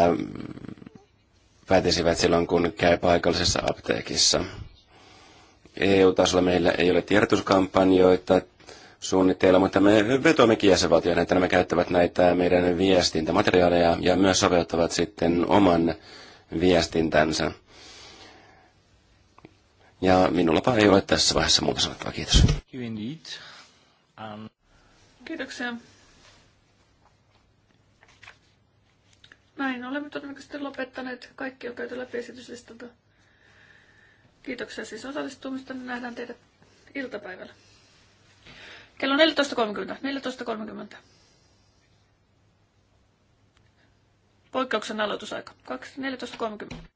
pätisivät silloin, kun käy paikallisessa apteekissa. EU-tasolla meillä ei ole tiedotuskampanjoita suunnitteilla, mutta me vetoammekin jäsenvaltioiden, että nämä käyttävät näitä meidän viestintämateriaaleja ja myös soveltavat sitten oman viestintänsä. Ja minullapa ei ole tässä vaiheessa muuta sanottavaa. Kiitos. Kiitos. Kiitoksia. Näin olemme todennäköisesti lopettaneet. Kaikki on käyty läpi esityslistalta. Kiitoksia siis osallistumista. Nähdään teidät iltapäivällä. Kello 14.30. 14.30. Poikkeuksen aloitusaika. 14.30.